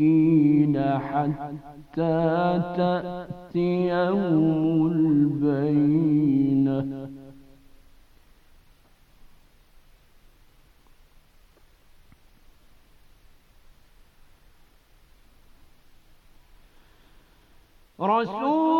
مسكين حتى تأتيهم البينة رسول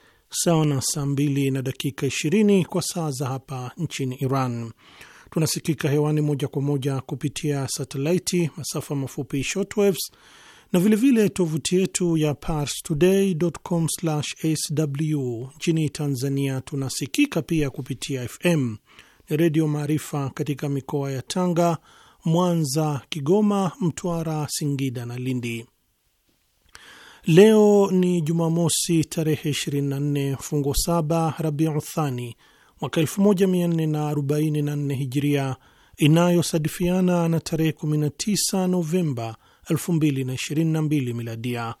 sawa na saa mbili na dakika ishirini kwa saa za hapa nchini Iran. Tunasikika hewani moja kwa moja kupitia satelaiti, masafa mafupi shortwaves na vilevile tovuti yetu ya parstoday.com/sw. Nchini Tanzania tunasikika pia kupitia FM ni Redio Maarifa katika mikoa ya Tanga, Mwanza, Kigoma, Mtwara, Singida na Lindi. Leo ni Jumamosi tarehe 24 fungo 7 Rabiu Thani mwaka 1444 Hijiria, inayosadifiana na tarehe 19 Novemba 2022 Miladia.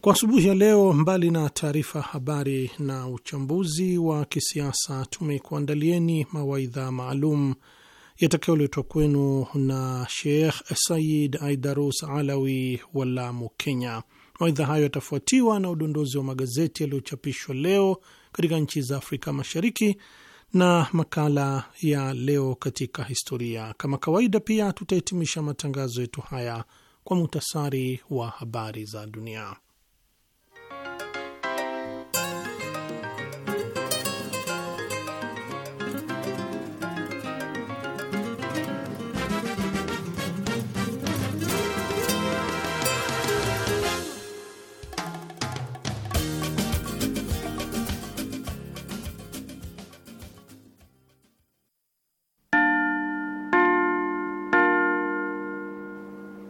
Kwa asubuhi ya leo, mbali na taarifa habari na uchambuzi wa kisiasa, tumekuandalieni mawaidha maalum yatakayoletwa kwenu na Sheikh Sayid Aidarus Alawi wa Lamu, Kenya. Mawaidha hayo yatafuatiwa na udondozi wa magazeti yaliyochapishwa leo katika nchi za Afrika Mashariki na makala ya leo katika historia. Kama kawaida, pia tutahitimisha matangazo yetu haya kwa muhtasari wa habari za dunia.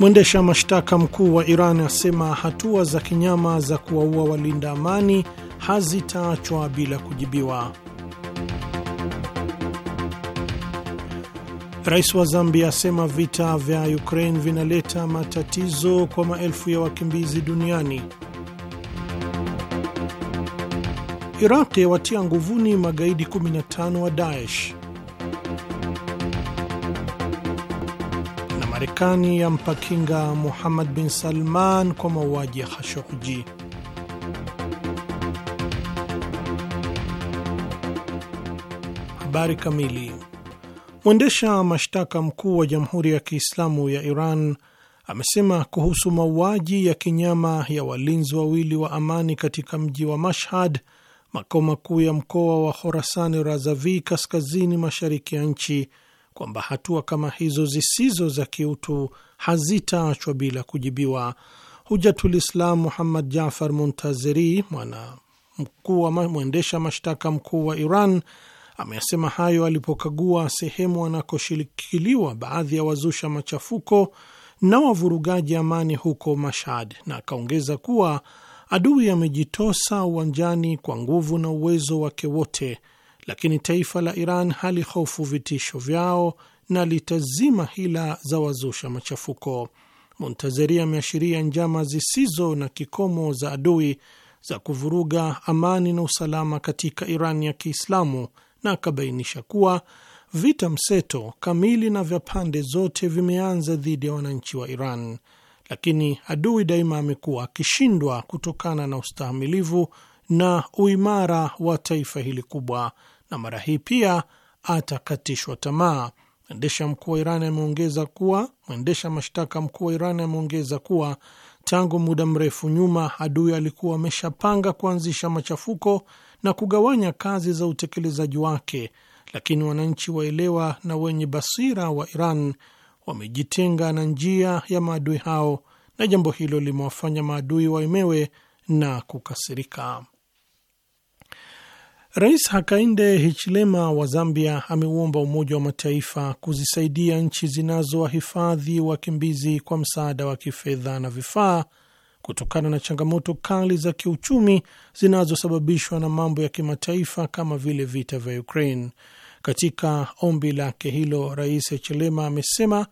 Mwendesha mashtaka mkuu wa Iran asema hatua za kinyama za kuwaua walinda amani hazitaachwa bila kujibiwa. Rais wa Zambia asema vita vya Ukraine vinaleta matatizo kwa maelfu ya wakimbizi duniani. Iraq yawatia nguvuni magaidi 15 wa Daesh. Marekani yampa kinga Muhammad bin Salman kwa mauaji ya Khashoggi. Habari kamili. Mwendesha mashtaka mkuu wa Jamhuri ya Kiislamu ya Iran amesema kuhusu mauaji ya kinyama ya walinzi wawili wa amani katika mji wa Mashhad, makao makuu ya mkoa wa Khorasani Razavi, kaskazini mashariki ya nchi kwamba hatua kama hizo zisizo za kiutu hazitaachwa bila kujibiwa. islam Muhammad Jafar Muntazeri, mwana mkuu wa mwendesha mashtaka mkuu wa Iran, ameyasema hayo alipokagua sehemu anakoshikiliwa baadhi ya wazusha machafuko na wavurugaji amani huko Mashhad, na akaongeza kuwa adui amejitosa uwanjani kwa nguvu na uwezo wake wote lakini taifa la Iran halihofu vitisho vyao na litazima hila za wazusha machafuko. Montazeri ameashiria njama zisizo na kikomo za adui za kuvuruga amani na usalama katika Iran ya Kiislamu na akabainisha kuwa vita mseto kamili na vya pande zote vimeanza dhidi ya wananchi wa Iran, lakini adui daima amekuwa akishindwa kutokana na ustahimilivu na uimara wa taifa hili kubwa na mara hii pia atakatishwa tamaa. Mwendesha mkuu wa Iran ameongeza kuwa mwendesha mashtaka mkuu wa Iran ameongeza kuwa tangu muda mrefu nyuma adui alikuwa ameshapanga kuanzisha machafuko na kugawanya kazi za utekelezaji wake, lakini wananchi waelewa na wenye basira wa Iran wamejitenga na njia ya maadui hao, na jambo hilo limewafanya maadui waemewe na kukasirika. Rais Hakainde Hichilema wa Zambia ameuomba Umoja wa Mataifa kuzisaidia nchi zinazowahifadhi wakimbizi kwa msaada wa kifedha na vifaa kutokana na changamoto kali za kiuchumi zinazosababishwa na mambo ya kimataifa kama vile vita vya Ukraine. Katika ombi lake hilo, Rais Hichilema amesema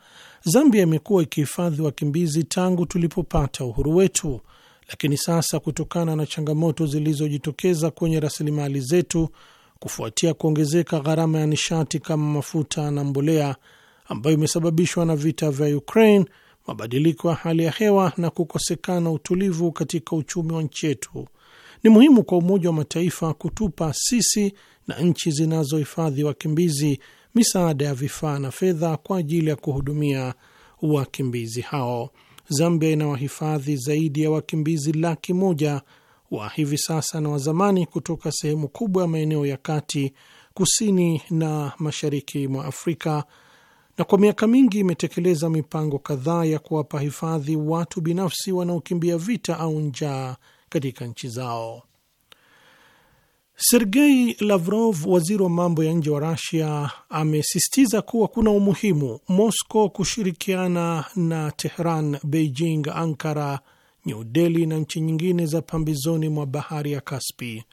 Zambia imekuwa ikihifadhi wakimbizi tangu tulipopata uhuru wetu lakini sasa kutokana na changamoto zilizojitokeza kwenye rasilimali zetu kufuatia kuongezeka gharama ya nishati kama mafuta na mbolea ambayo imesababishwa na vita vya Ukraine, mabadiliko ya hali ya hewa na kukosekana utulivu katika uchumi wa nchi yetu, ni muhimu kwa Umoja wa Mataifa kutupa sisi na nchi zinazohifadhi wakimbizi misaada ya vifaa na fedha kwa ajili ya kuhudumia wakimbizi hao. Zambia ina wahifadhi zaidi ya wakimbizi laki moja wa hivi sasa na wazamani kutoka sehemu kubwa ya maeneo ya kati, kusini na mashariki mwa Afrika, na kwa miaka mingi imetekeleza mipango kadhaa ya kuwapa hifadhi watu binafsi wanaokimbia vita au njaa katika nchi zao. Sergei Lavrov, waziri wa mambo ya nje wa Rasia, amesisitiza kuwa kuna umuhimu Moscow kushirikiana na Tehran, Beijing, Ankara, New Delhi na nchi nyingine za pambizoni mwa bahari ya Kaspi.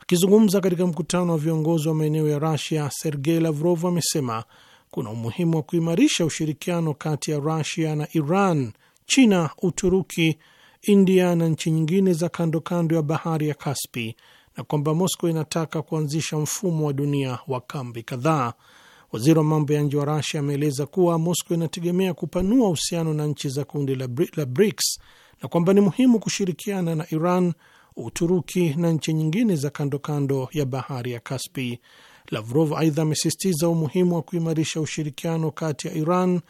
Akizungumza katika mkutano wa viongozi wa maeneo ya Rasia, Sergei Lavrov amesema kuna umuhimu wa kuimarisha ushirikiano kati ya Rasia na Iran, China, Uturuki, India na nchi nyingine za kando kando ya bahari ya Kaspi na kwamba Moscow inataka kuanzisha mfumo wa dunia wa kambi kadhaa. Waziri wa mambo ya nje wa rasia ameeleza kuwa Moscow inategemea kupanua uhusiano na nchi za kundi la BRICS na kwamba ni muhimu kushirikiana na Iran, Uturuki na nchi nyingine za kando kando ya bahari ya Kaspi. Lavrov aidha amesisitiza umuhimu wa kuimarisha ushirikiano kati ya Iran,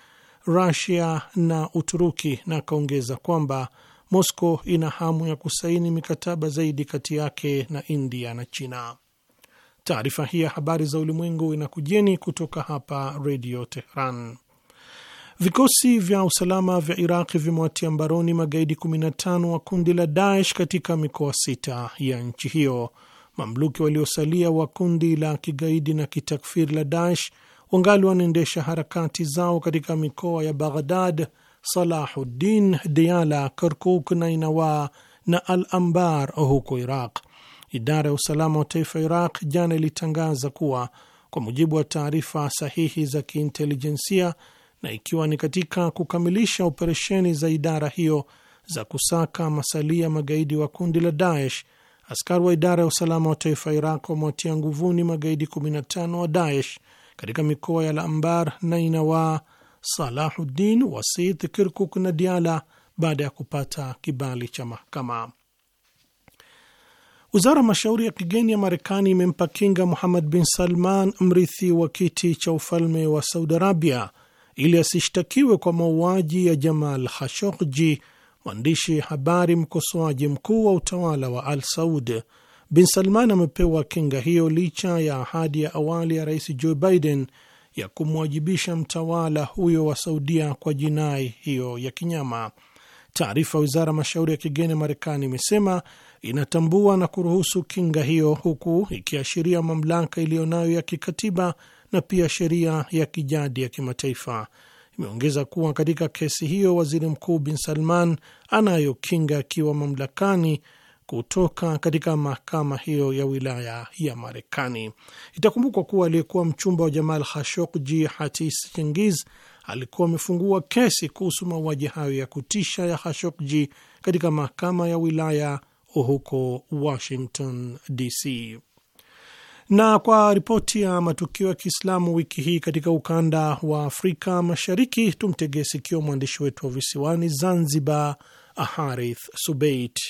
rasia na Uturuki na akaongeza kwamba Moscow ina hamu ya kusaini mikataba zaidi kati yake na India na China. Taarifa hii ya habari za ulimwengu inakujeni kutoka hapa Redio Tehran. Vikosi vya usalama vya Iraqi vimewatia mbaroni magaidi 15 wa kundi la Daesh katika mikoa sita ya nchi hiyo. Mamluki waliosalia wa kundi la kigaidi na kitakfiri la Daesh wangali wanaendesha harakati zao katika mikoa ya Baghdad, Salahuddin Diala Kirkuk nainawa na Al Anbar huko Iraq. Idara ya usalama wa taifa ya Iraq jana ilitangaza kuwa kwa mujibu wa taarifa sahihi za kiintelijensia na ikiwa ni katika kukamilisha operesheni za idara hiyo za kusaka masalia magaidi wa kundi la Daesh, askari wa idara ya usalama wa taifa ya Iraq wamewatia nguvuni magaidi 15 wa Daesh katika mikoa ya al nainawa Salahuddin Wasit Kirkuk na Diala baada ya kupata kibali cha mahakama. Wizara ya mashauri ya kigeni ya Marekani imempa kinga Muhammad bin Salman, mrithi wa kiti cha ufalme wa Saudi Arabia, ili asishtakiwe kwa mauaji ya Jamal Khashoggi, mwandishi habari mkosoaji mkuu wa utawala wa Al Saud. Bin Salman amepewa kinga hiyo licha ya ahadi ya awali ya rais Joe Biden ya kumwajibisha mtawala huyo wa Saudia kwa jinai hiyo ya kinyama. Taarifa ya wizara ya mashauri ya kigeni ya Marekani imesema inatambua na kuruhusu kinga hiyo, huku ikiashiria mamlaka iliyonayo ya kikatiba na pia sheria ya kijadi ya kimataifa. Imeongeza kuwa katika kesi hiyo waziri mkuu bin Salman anayo kinga akiwa mamlakani kutoka katika mahakama hiyo ya wilaya ya Marekani. Itakumbukwa kuwa aliyekuwa mchumba wa Jamal Khashoggi, Hatis chingiz alikuwa amefungua kesi kuhusu mauaji hayo ya kutisha ya Khashoggi katika mahakama ya wilaya huko Washington DC. Na kwa ripoti ya matukio ya Kiislamu wiki hii katika ukanda wa Afrika Mashariki, tumtegee sikio mwandishi wetu wa visiwani Zanzibar, Harith Subeit.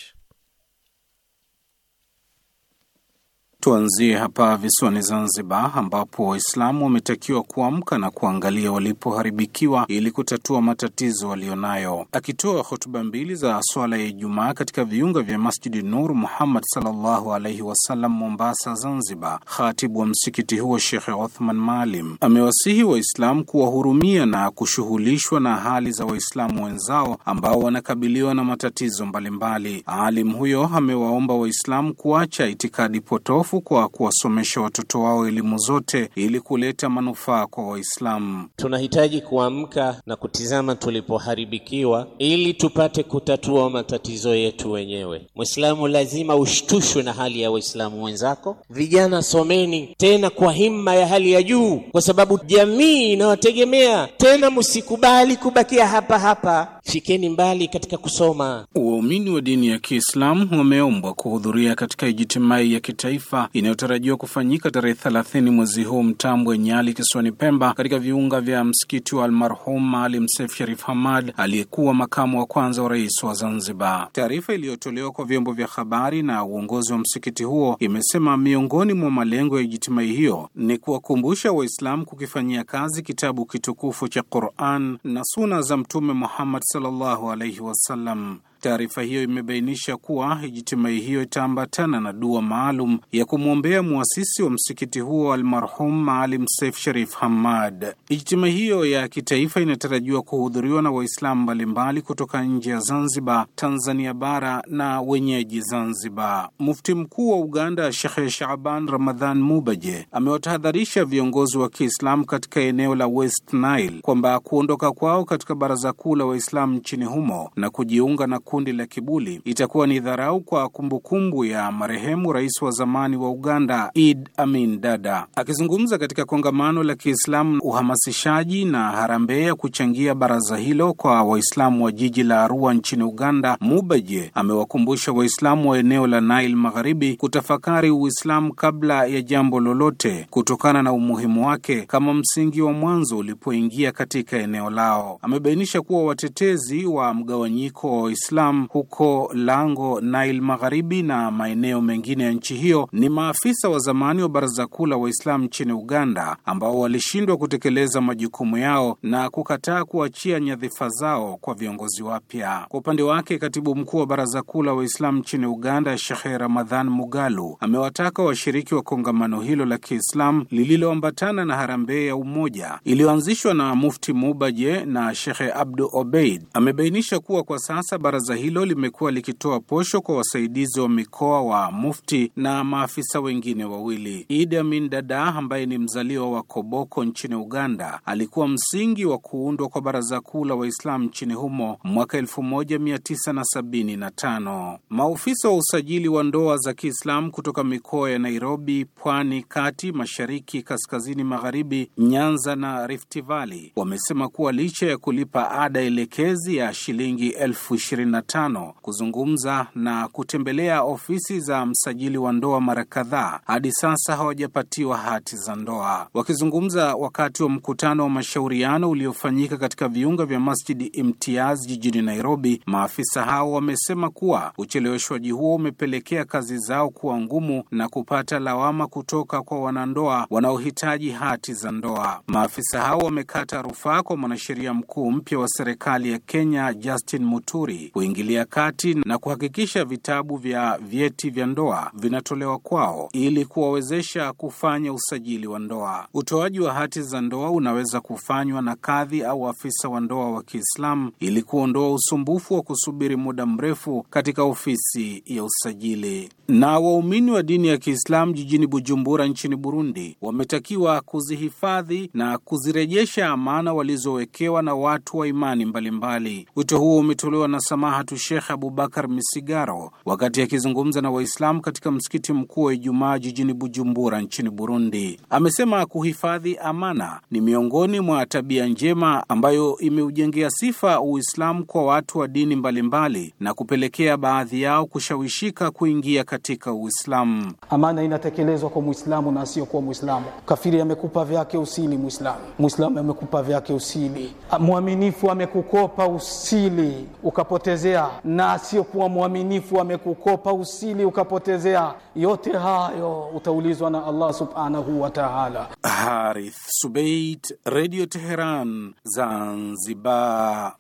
Tuanzie hapa visiwani Zanzibar, ambapo Waislamu wametakiwa kuamka na kuangalia walipoharibikiwa ili kutatua matatizo walionayo. Akitoa hotuba mbili za swala ya Ijumaa katika viunga vya Masjidi Nur Muhammad sallallahu alaihi wasallam Mombasa, Zanzibar, khatibu wa msikiti huo Shekhe Othman Maalim amewasihi Waislamu kuwahurumia na kushughulishwa na hali za Waislamu wenzao ambao wanakabiliwa na matatizo mbalimbali. Alim huyo amewaomba Waislamu kuacha itikadi potofu mfuko wa kuwasomesha watoto wao elimu zote ili kuleta manufaa kwa Waislamu. Tunahitaji kuamka na kutizama tulipoharibikiwa ili tupate kutatua matatizo yetu wenyewe. Mwislamu lazima ushtushwe na hali ya Waislamu wenzako. Vijana, someni tena kwa himma ya hali ya juu, kwa sababu jamii inawategemea. Tena msikubali kubakia hapa hapa, fikeni mbali katika kusoma. Waumini wa dini ya Kiislamu wameombwa kuhudhuria katika ijitimai ya kitaifa inayotarajiwa kufanyika tarehe 30 mwezi huu Mtambwe, Nyali, kisiwani Pemba, katika viunga vya msikiti wa almarhum Maalim Seif Sharif Hamad aliyekuwa makamu wa kwanza wa rais wa Zanzibar. Taarifa iliyotolewa kwa vyombo vya habari na uongozi wa msikiti huo imesema miongoni mwa malengo ya jitimai hiyo ni kuwakumbusha Waislamu kukifanyia kazi kitabu kitukufu cha Quran na suna za Mtume Muhammad sallallahu alaihi wasallam. Taarifa hiyo imebainisha kuwa ijtimai hiyo itaambatana na dua maalum ya kumwombea mwasisi wa msikiti huo almarhum Maalim Seif Sharif Hamad. Ijtimai hiyo ya kitaifa inatarajiwa kuhudhuriwa na Waislamu mbalimbali kutoka nje ya Zanzibar, Tanzania bara na wenyeji Zanzibar. Mufti mkuu wa Uganda Shekhe Shaban Ramadhan Mubaje amewatahadharisha viongozi wa Kiislamu katika eneo la West Nile kwamba kuondoka kwao katika baraza kuu la Waislamu nchini humo na kujiunga na kundi la Kibuli itakuwa ni dharau kwa kumbukumbu ya marehemu rais wa zamani wa Uganda id Amin Dada. Akizungumza katika kongamano la Kiislamu uhamasishaji na harambee ya kuchangia baraza hilo kwa Waislamu wa jiji la Arua nchini Uganda, Mubaje amewakumbusha Waislamu wa eneo la Nile Magharibi kutafakari Uislamu kabla ya jambo lolote kutokana na umuhimu wake kama msingi wa mwanzo ulipoingia katika eneo lao. Amebainisha kuwa watetezi wa mgawanyiko wa Waislamu Salaam huko Lango Nile Magharibi na maeneo mengine ya nchi hiyo ni maafisa wa zamani wa Baraza Kuu la Waislamu nchini Uganda ambao walishindwa kutekeleza majukumu yao na kukataa kuachia nyadhifa zao kwa viongozi wapya. Kwa upande wake, katibu mkuu wa Baraza Kuu la Waislamu nchini Uganda Shekhe Ramadhan Mugalu amewataka washiriki wa kongamano hilo la Kiislamu lililoambatana na harambee ya umoja iliyoanzishwa na Mufti Mubaje na shehe Abdu Obeid. Amebainisha kuwa kwa sasa baraza Baraza hilo limekuwa likitoa posho kwa wasaidizi wa mikoa wa mufti na maafisa wengine wawili. Idi Amin Dada ambaye ni mzaliwa wa Koboko nchini Uganda alikuwa msingi wa kuundwa kwa Baraza Kuu la Waislamu nchini humo mwaka 1975. Maofisa wa usajili wa ndoa za Kiislamu kutoka mikoa ya Nairobi, Pwani, Kati, Mashariki, Kaskazini Magharibi, Nyanza na Rift Valley wamesema kuwa licha ya kulipa ada elekezi ya shilingi elfu ishirini 25 kuzungumza na kutembelea ofisi za msajili wa ndoa mara kadhaa, hadi sasa hawajapatiwa hati za ndoa. Wakizungumza wakati wa mkutano wa mashauriano uliofanyika katika viunga vya Masjidi Imtiaz jijini Nairobi, maafisa hao wamesema kuwa ucheleweshwaji huo umepelekea kazi zao kuwa ngumu na kupata lawama kutoka kwa wanandoa wanaohitaji hati za ndoa. Maafisa hao wamekata rufaa kwa mwanasheria mkuu mpya wa serikali ya Kenya Justin Muturi kuingilia kati na kuhakikisha vitabu vya vyeti vya ndoa vinatolewa kwao ili kuwawezesha kufanya usajili wa ndoa. Utoaji wa hati za ndoa unaweza kufanywa na kadhi au afisa wa ndoa wa Kiislamu ili kuondoa usumbufu wa kusubiri muda mrefu katika ofisi ya usajili. Na waumini wa dini ya Kiislamu jijini Bujumbura nchini Burundi wametakiwa kuzihifadhi na kuzirejesha amana walizowekewa na watu wa imani mbalimbali. Wito huo umetolewa na samaha Samahatu Shekh Abubakar Misigaro wakati akizungumza na Waislamu katika msikiti mkuu wa Ijumaa jijini Bujumbura nchini Burundi. Amesema kuhifadhi amana ni miongoni mwa tabia njema ambayo imeujengea sifa Uislamu kwa watu wa dini mbalimbali mbali, na kupelekea baadhi yao kushawishika kuingia katika Uislamu. Amana inatekelezwa kwa Muislamu na asiyokuwa Muislamu. Kafiri amekupa vyake usili Muislamu, Muislamu amekupa vyake usili, mwaminifu amekukopa usili ukapoteza umepotezea, na asiyokuwa mwaminifu amekukopa usili ukapotezea. Yote hayo utaulizwa na Allah subhanahu wa taala. Harith Subait, Radio Teheran, Zanzibar.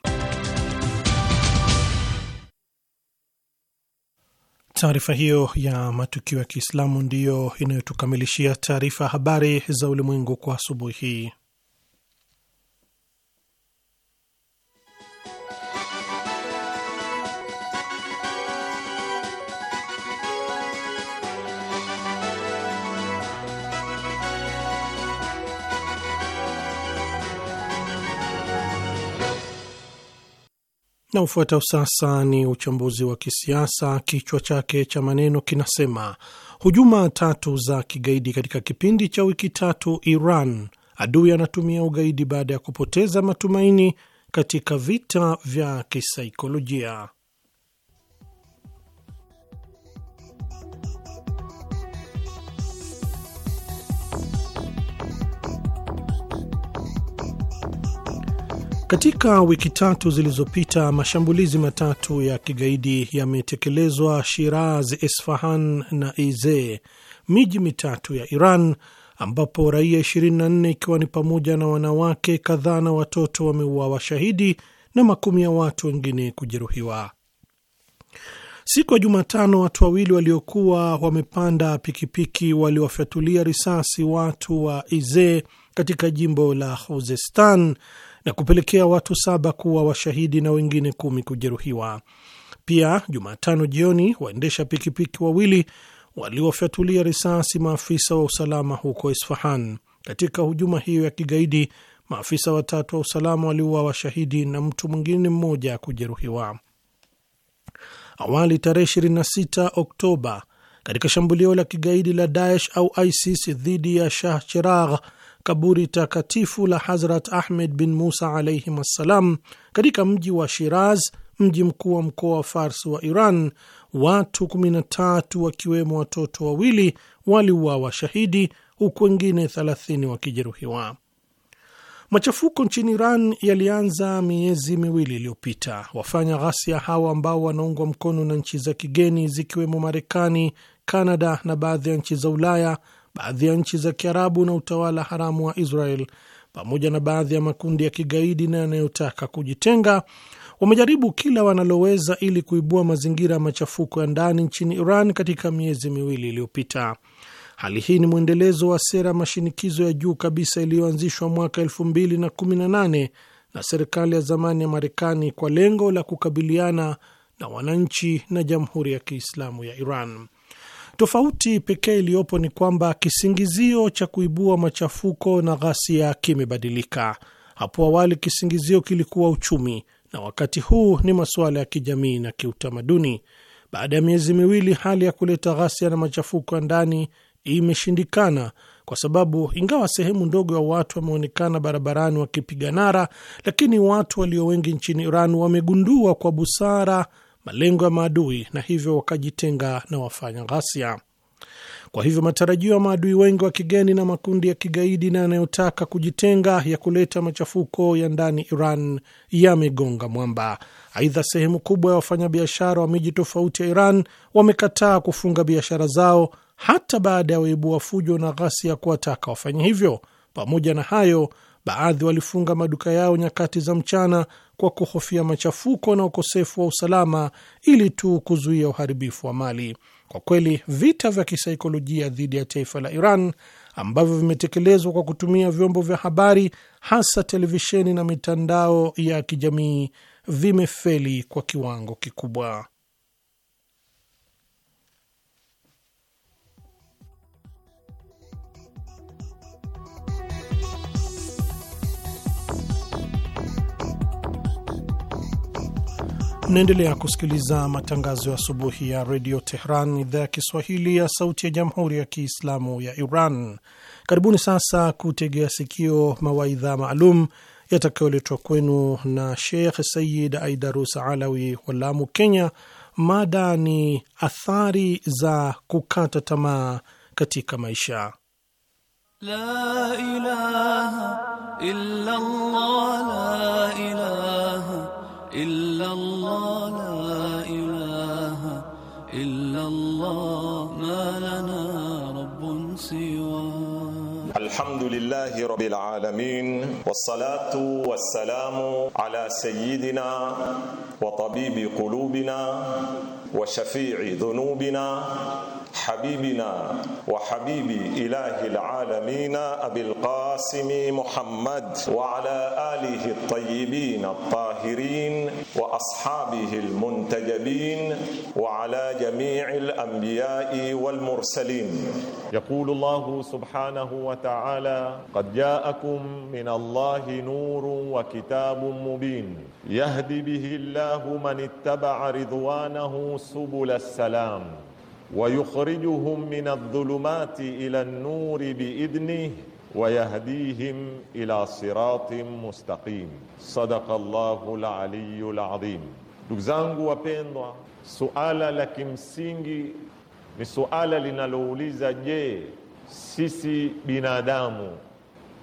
Taarifa hiyo ya matukio ya Kiislamu ndiyo inayotukamilishia taarifa habari za ulimwengu kwa asubuhi hii. Na ufuatao sasa ni uchambuzi wa kisiasa, kichwa chake cha maneno kinasema hujuma tatu za kigaidi katika kipindi cha wiki tatu Iran, adui anatumia ugaidi baada ya kupoteza matumaini katika vita vya kisaikolojia. Katika wiki tatu zilizopita mashambulizi matatu ya kigaidi yametekelezwa Shiraz, Esfahan na Ize, miji mitatu ya Iran, ambapo raia 24 ikiwa ni pamoja na wanawake kadhaa na watoto wameuawa washahidi na makumi ya watu wengine kujeruhiwa. Siku ya Jumatano, watu wawili waliokuwa wamepanda pikipiki waliwafyatulia risasi watu wa Ize katika jimbo la Khuzestan na kupelekea watu saba kuwa washahidi na wengine kumi kujeruhiwa. Pia Jumatano jioni waendesha pikipiki wawili waliofyatulia risasi maafisa wa usalama huko Isfahan. Katika hujuma hiyo ya kigaidi, maafisa watatu wa usalama waliuawa washahidi na mtu mwingine mmoja kujeruhiwa. Awali tarehe 26 Oktoba, katika shambulio la kigaidi la Daesh au ISIS dhidi ya Shah Cheragh kaburi takatifu la Hazrat Ahmed bin Musa alaihim assalam katika mji wa Shiraz, mji mkuu wa mkoa wa Fars wa Iran. Watu 13 wakiwemo watoto wawili waliuawa shahidi, huku wengine 30 wakijeruhiwa. Machafuko nchini Iran yalianza miezi miwili iliyopita. Wafanya ghasia hawa ambao wanaungwa mkono na nchi za kigeni zikiwemo Marekani, Kanada na baadhi ya nchi za Ulaya baadhi ya nchi za Kiarabu na utawala haramu wa Israel pamoja na baadhi ya makundi ya kigaidi na yanayotaka kujitenga wamejaribu kila wanaloweza ili kuibua mazingira ya machafuko ya ndani nchini Iran katika miezi miwili iliyopita. Hali hii ni mwendelezo wa sera ya mashinikizo ya juu kabisa iliyoanzishwa mwaka 2018 na serikali ya zamani ya Marekani kwa lengo la kukabiliana na wananchi na Jamhuri ya Kiislamu ya Iran. Tofauti pekee iliyopo ni kwamba kisingizio cha kuibua machafuko na ghasia kimebadilika. Hapo awali kisingizio kilikuwa uchumi, na wakati huu ni masuala ya kijamii na kiutamaduni. Baada ya miezi miwili, hali ya kuleta ghasia na machafuko ya ndani imeshindikana kwa sababu ingawa sehemu ndogo ya watu wameonekana barabarani wakipiga nara, lakini watu walio wengi nchini Iran wamegundua kwa busara malengo ya maadui na hivyo wakajitenga na wafanya ghasia. Kwa hivyo matarajio ya maadui wengi wa kigeni na makundi ya kigaidi na yanayotaka kujitenga ya kuleta machafuko ya ndani Iran yamegonga mwamba. Aidha, sehemu kubwa ya wafanyabiashara wa miji tofauti ya Iran wamekataa kufunga biashara zao hata baada ya waibua fujo na ghasia kuwataka wafanye hivyo. Pamoja na hayo, Baadhi walifunga maduka yao nyakati za mchana kwa kuhofia machafuko na ukosefu wa usalama ili tu kuzuia uharibifu wa mali. Kwa kweli, vita vya kisaikolojia dhidi ya taifa la Iran ambavyo vimetekelezwa kwa kutumia vyombo vya habari, hasa televisheni na mitandao ya kijamii, vimefeli kwa kiwango kikubwa. Mnaendelea kusikiliza matangazo ya asubuhi ya redio Tehran, idhaa ya Kiswahili ya sauti ya jamhuri ya kiislamu ya Iran. Karibuni sasa kutegea sikio mawaidha maalum yatakayoletwa kwenu na Sheikh Sayid Aidarus Alawi wa Lamu, Kenya. Mada ni athari za kukata tamaa katika maisha. La ilaha la ilaha إلا الله لا إله إلا الله ما لنا رب سواه الحمد لله رب العالمين والصلاة والسلام على سيدنا وطبيب قلوبنا وشفيع ذنوبنا حبيبنا وحبيب إله العالمين أبي القاسم محمد وعلى آله الطيبين الطاهرين وأصحابه المنتجبين وعلى جميع الأنبياء والمرسلين يقول الله سبحانه وتعالى قد جاءكم من الله نور وكتاب مبين يهدي به الله من اتبع رضوانه subula salam wayukhrijuhum min adh-dhulumati ila an-nuri biidnihi wayahdihim ila siratin mustaqim. Sadaqallahu al-aliyyul adhim. Ndugu zangu wapendwa, suala la kimsingi ni suala linalouliza, je, sisi binadamu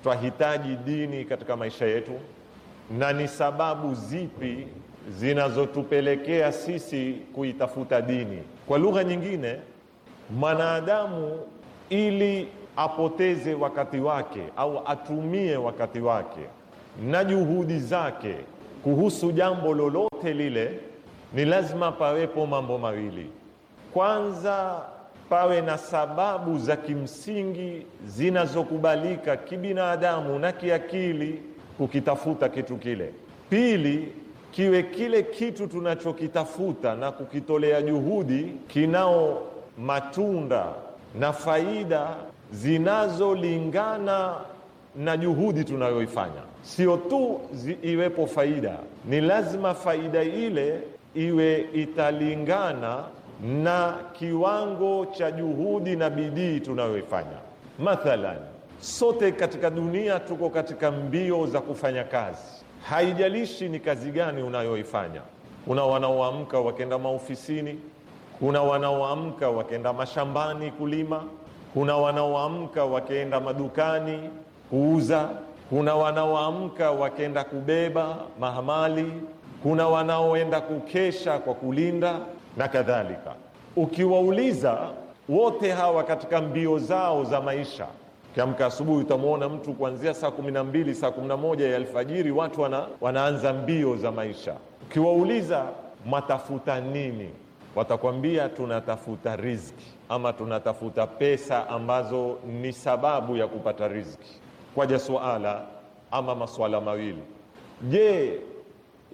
twahitaji dini katika maisha yetu na ni sababu zipi zinazotupelekea sisi kuitafuta dini. Kwa lugha nyingine, mwanadamu ili apoteze wakati wake au atumie wakati wake na juhudi zake kuhusu jambo lolote lile, ni lazima pawepo mambo mawili. Kwanza, pawe na sababu za kimsingi zinazokubalika kibinadamu na kiakili kukitafuta kitu kile. Pili, kiwe kile kitu tunachokitafuta na kukitolea juhudi kinao matunda na faida zinazolingana na juhudi tunayoifanya. Sio tu iwepo faida, ni lazima faida ile iwe italingana na kiwango cha juhudi na bidii tunayoifanya. Mathalan, sote katika dunia tuko katika mbio za kufanya kazi haijalishi ni kazi gani unayoifanya. Kuna wanaoamka wakenda maofisini, kuna wanaoamka wakenda mashambani kulima, kuna wanaoamka wakenda madukani kuuza, kuna wanaoamka wakenda kubeba mahamali, kuna wanaoenda kukesha kwa kulinda na kadhalika. Ukiwauliza wote hawa katika mbio zao za maisha kiamka asubuhi utamwona mtu kuanzia saa kumi na mbili saa kumi na moja ya alfajiri, watu wana, wanaanza mbio za maisha. Ukiwauliza mwatafuta nini, watakwambia tunatafuta riziki ama tunatafuta pesa ambazo ni sababu ya kupata riziki. Kwaja suala ama masuala mawili. Je,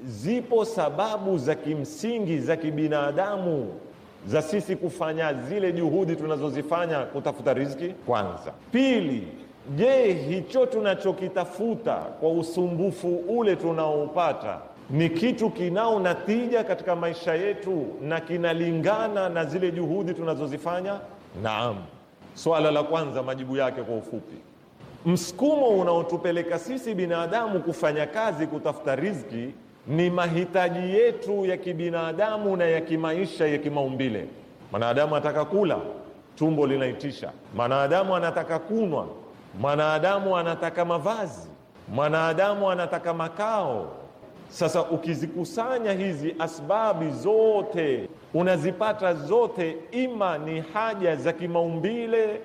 zipo sababu za kimsingi za kibinadamu za sisi kufanya zile juhudi tunazozifanya kutafuta riziki kwanza. Pili, je, hicho tunachokitafuta kwa usumbufu ule tunaoupata ni kitu kinao na tija katika maisha yetu na kinalingana na zile juhudi tunazozifanya? Naam. Swala la kwanza, majibu yake kwa ufupi, msukumo unaotupeleka sisi binadamu kufanya kazi kutafuta riziki ni mahitaji yetu ya kibinadamu na ya kimaisha ya kimaumbile. Mwanadamu anataka kula, tumbo linaitisha. Mwanadamu anataka kunwa. Mwanadamu anataka mavazi. Mwanadamu anataka makao. Sasa ukizikusanya hizi asbabi zote, unazipata zote, ima ni haja za kimaumbile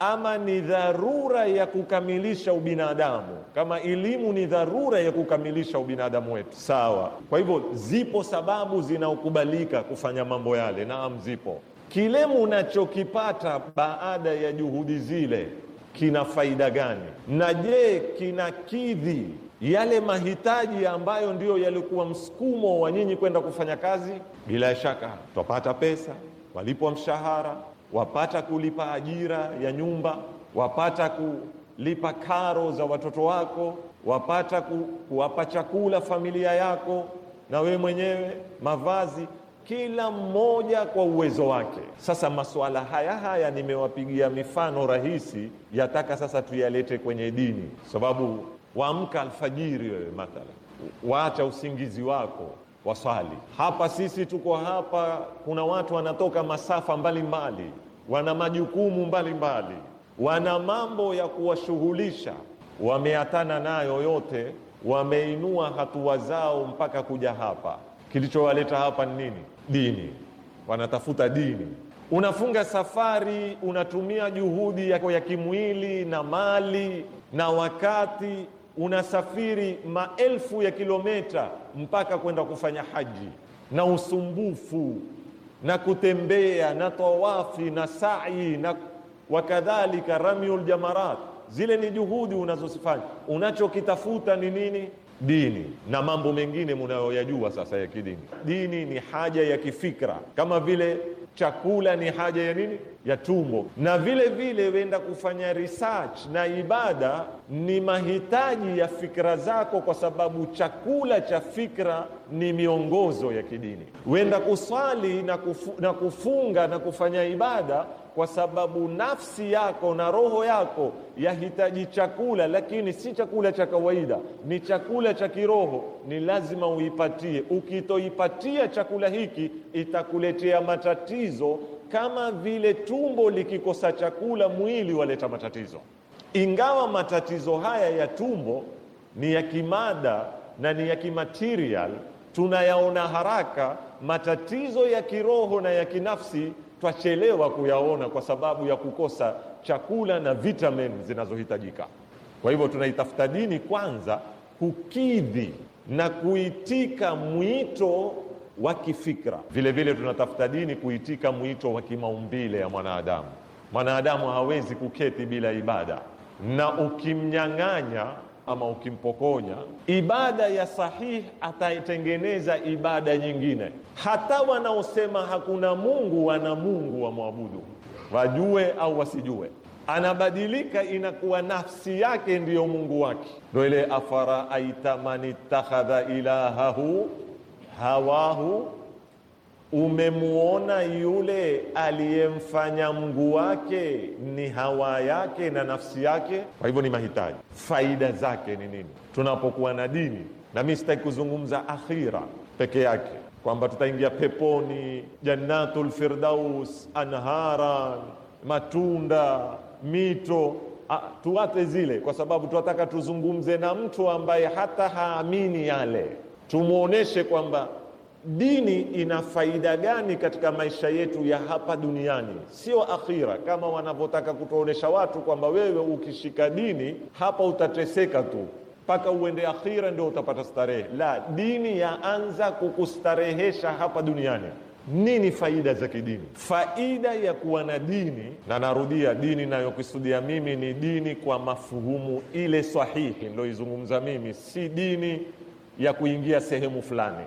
ama ni dharura ya kukamilisha ubinadamu, kama elimu ni dharura ya kukamilisha ubinadamu wetu, sawa. Kwa hivyo zipo sababu zinaokubalika kufanya mambo yale, naam, zipo. Kile munachokipata baada ya juhudi zile kina faida gani, na je, kinakidhi yale mahitaji ambayo ndiyo yalikuwa msukumo wa nyinyi kwenda kufanya kazi? Bila shaka twapata pesa, walipwa mshahara wapata kulipa ajira ya nyumba, wapata kulipa karo za watoto wako, wapata ku, kuwapa chakula familia yako na we mwenyewe, mavazi, kila mmoja kwa uwezo wake. Sasa masuala haya haya nimewapigia mifano rahisi, yataka sasa tuyalete kwenye dini, sababu waamka alfajiri wewe mathala, waacha usingizi wako waswali hapa. Sisi tuko hapa, kuna watu wanatoka masafa mbalimbali mbali, wana majukumu mbalimbali mbali, wana mambo ya kuwashughulisha, wameatana nayo yote, wameinua hatua zao mpaka kuja hapa. Kilichowaleta hapa ni nini? Dini, wanatafuta dini. Unafunga safari, unatumia juhudi yako ya kimwili na mali na wakati unasafiri maelfu ya kilometa mpaka kwenda kufanya haji na usumbufu na kutembea na tawafi na sa'i na wakadhalika ramyul jamarat, zile ni juhudi unazozifanya. Unachokitafuta ni nini? Dini na mambo mengine mnayoyajua sasa ya kidini. Dini ni haja ya kifikra, kama vile chakula ni haja ya nini ya tumbo, na vile vile wenda kufanya research. Na ibada ni mahitaji ya fikra zako, kwa sababu chakula cha fikra ni miongozo ya kidini. Wenda kuswali na, kufu, na kufunga na kufanya ibada kwa sababu nafsi yako na roho yako yahitaji chakula, lakini si chakula cha kawaida, ni chakula cha kiroho. Ni lazima uipatie. Ukitoipatia chakula hiki, itakuletea matatizo kama vile tumbo likikosa chakula mwili waleta matatizo. Ingawa matatizo haya ya tumbo ni ya kimada na ni ya kimaterial, tunayaona haraka. Matatizo ya kiroho na ya kinafsi twachelewa kuyaona kwa sababu ya kukosa chakula na vitamin zinazohitajika. Kwa hivyo tunaitafuta dini kwanza kukidhi na kuitika mwito wa kifikra. Vile vile tunatafuta dini kuitika mwito wa kimaumbile ya mwanadamu. Mwanadamu hawezi kuketi bila ibada, na ukimnyang'anya ama ukimpokonya ibada ya sahihi, ataitengeneza ibada nyingine. Hata wanaosema hakuna Mungu wana Mungu wa mwabudu wajue au wasijue, anabadilika, inakuwa nafsi yake ndiyo Mungu wake. Ndo ile afaraaita man ittakhadha ilahahu hawahu umemuona yule aliyemfanya Mungu wake ni hawa yake na nafsi yake. Kwa hivyo ni mahitaji. Faida zake ni nini? Tunapokuwa na dini, na mi sitaki kuzungumza akhira peke yake kwamba tutaingia peponi, jannatul firdaus, anharan, matunda, mito A, tuwate zile, kwa sababu tunataka tuzungumze na mtu ambaye hata haamini yale tumwonyeshe kwamba dini ina faida gani katika maisha yetu ya hapa duniani, sio akhira, kama wanavyotaka kutuonesha watu kwamba wewe ukishika dini hapa utateseka tu mpaka uende akhira ndio utapata starehe. La, dini yaanza kukustarehesha hapa duniani. Nini faida za kidini? Faida ya kuwa na dini, na narudia, dini nayokusudia mimi ni dini kwa mafuhumu ile sahihi niloizungumza mimi, si dini ya kuingia sehemu fulani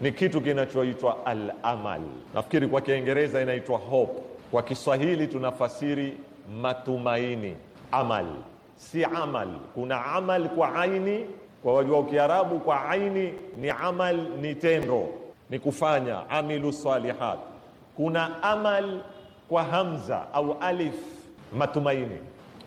ni kitu kinachoitwa al-amal. Nafikiri kwa Kiingereza inaitwa hope, kwa Kiswahili tunafasiri matumaini. Amal si amal, kuna amal kwa aini, kwa wajua Kiarabu kwa aini ni amal, ni tendo, ni kufanya, amilu salihat. Kuna amal kwa hamza au alif, matumaini.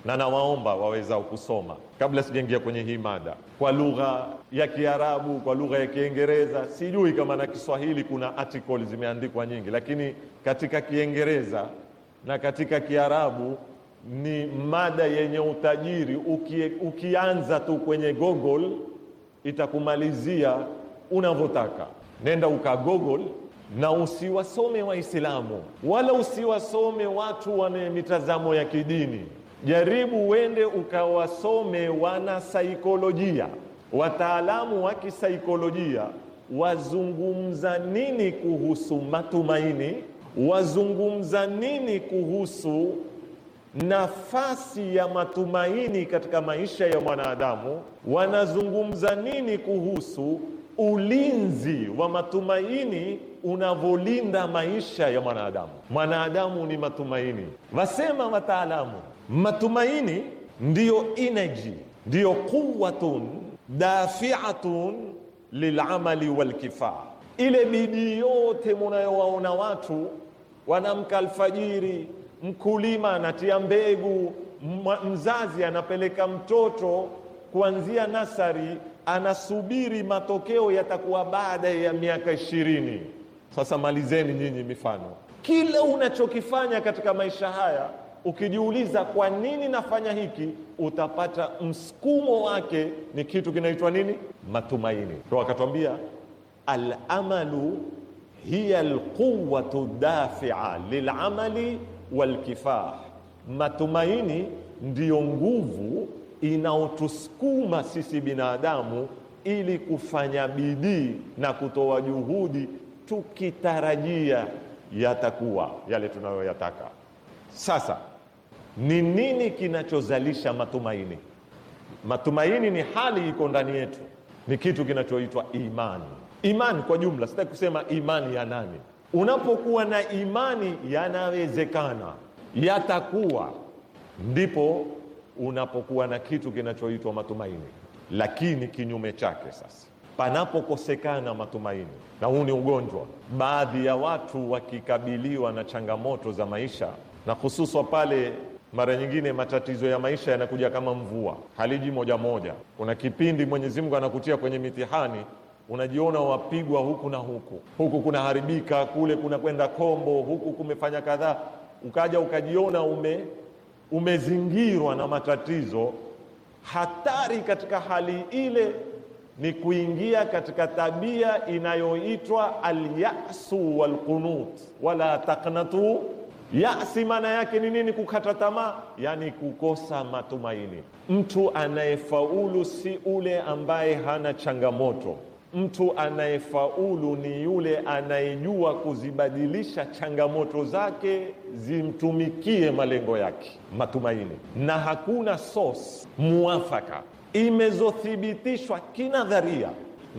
Na nawaomba wawezao kusoma, kabla sijaingia kwenye hii mada, kwa lugha ya Kiarabu, kwa lugha ya Kiingereza. Sijui kama na Kiswahili kuna article zimeandikwa nyingi, lakini katika Kiingereza na katika Kiarabu ni mada yenye utajiri. Uki, ukianza tu kwenye Google itakumalizia unavyotaka. Nenda uka Google na usiwasome Waislamu wala usiwasome watu wana mitazamo ya kidini. Jaribu uende ukawasome wana saikolojia wataalamu wa kisaikolojia wazungumza nini kuhusu matumaini? Wazungumza nini kuhusu nafasi ya matumaini katika maisha ya mwanadamu? Wanazungumza nini kuhusu ulinzi wa matumaini unavyolinda maisha ya mwanadamu? Mwanadamu ni matumaini, wasema wataalamu. Matumaini ndiyo energy, ndiyo quwwatun dafiatun lilamali walkifaa. Ile bidii yote munayowaona watu wanamka alfajiri, mkulima anatia mbegu, mzazi anapeleka mtoto kuanzia nasari, anasubiri matokeo yatakuwa baada ya miaka ishirini. Sasa malizeni nyinyi mifano, kila unachokifanya katika maisha haya Ukijiuliza kwa nini nafanya hiki, utapata msukumo wake ni kitu kinaitwa nini? Matumaini. Ndo akatwambia alamalu hiya lquwatu dafia lilamali walkifah, matumaini ndiyo nguvu inaotusukuma sisi binadamu ili kufanya bidii na kutoa juhudi, tukitarajia yatakuwa yale tunayoyataka. Sasa ni nini kinachozalisha matumaini? Matumaini ni hali iko ndani yetu, ni kitu kinachoitwa imani. Imani kwa jumla, sitaki kusema imani ya nani. Unapokuwa na imani, yanawezekana, yatakuwa, ndipo unapokuwa na kitu kinachoitwa matumaini. Lakini kinyume chake sasa, panapokosekana matumaini, na huu ni ugonjwa, baadhi ya watu wakikabiliwa na changamoto za maisha na hususwa pale mara nyingine matatizo ya maisha yanakuja kama mvua, haliji moja moja. Kuna kipindi Mwenyezi Mungu anakutia kwenye mitihani, unajiona wapigwa huku na huku, huku kunaharibika, kule kunakwenda kombo, huku kumefanya kadhaa, ukaja ukajiona ume umezingirwa na matatizo. Hatari katika hali ile ni kuingia katika tabia inayoitwa alyasu walqunut wala taqnatu Yasi maana yake ni nini? Kukata tamaa, yani kukosa matumaini. Mtu anayefaulu si ule ambaye hana changamoto. Mtu anayefaulu ni yule anayejua kuzibadilisha changamoto zake zimtumikie malengo yake, matumaini. Na hakuna source mwafaka imezothibitishwa kinadharia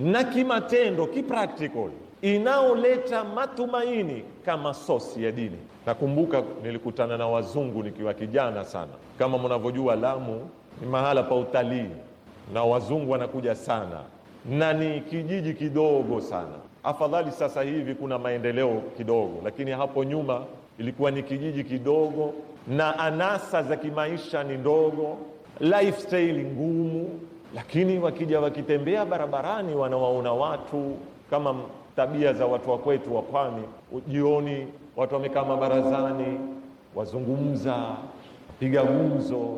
na kimatendo, kipractical, inayoleta matumaini kama sos ya dini. Nakumbuka nilikutana na wazungu nikiwa kijana sana. Kama mnavyojua, Lamu ni mahala pa utalii na wazungu wanakuja sana, na ni kijiji kidogo sana. Afadhali sasa hivi kuna maendeleo kidogo, lakini hapo nyuma ilikuwa ni kijiji kidogo, na anasa za kimaisha ni ndogo, lifestyle ngumu. Lakini wakija wakitembea barabarani, wanawaona watu kama tabia za watu wa kwetu wa pwani, jioni watu wamekaa mabarazani, wazungumza, piga gumzo,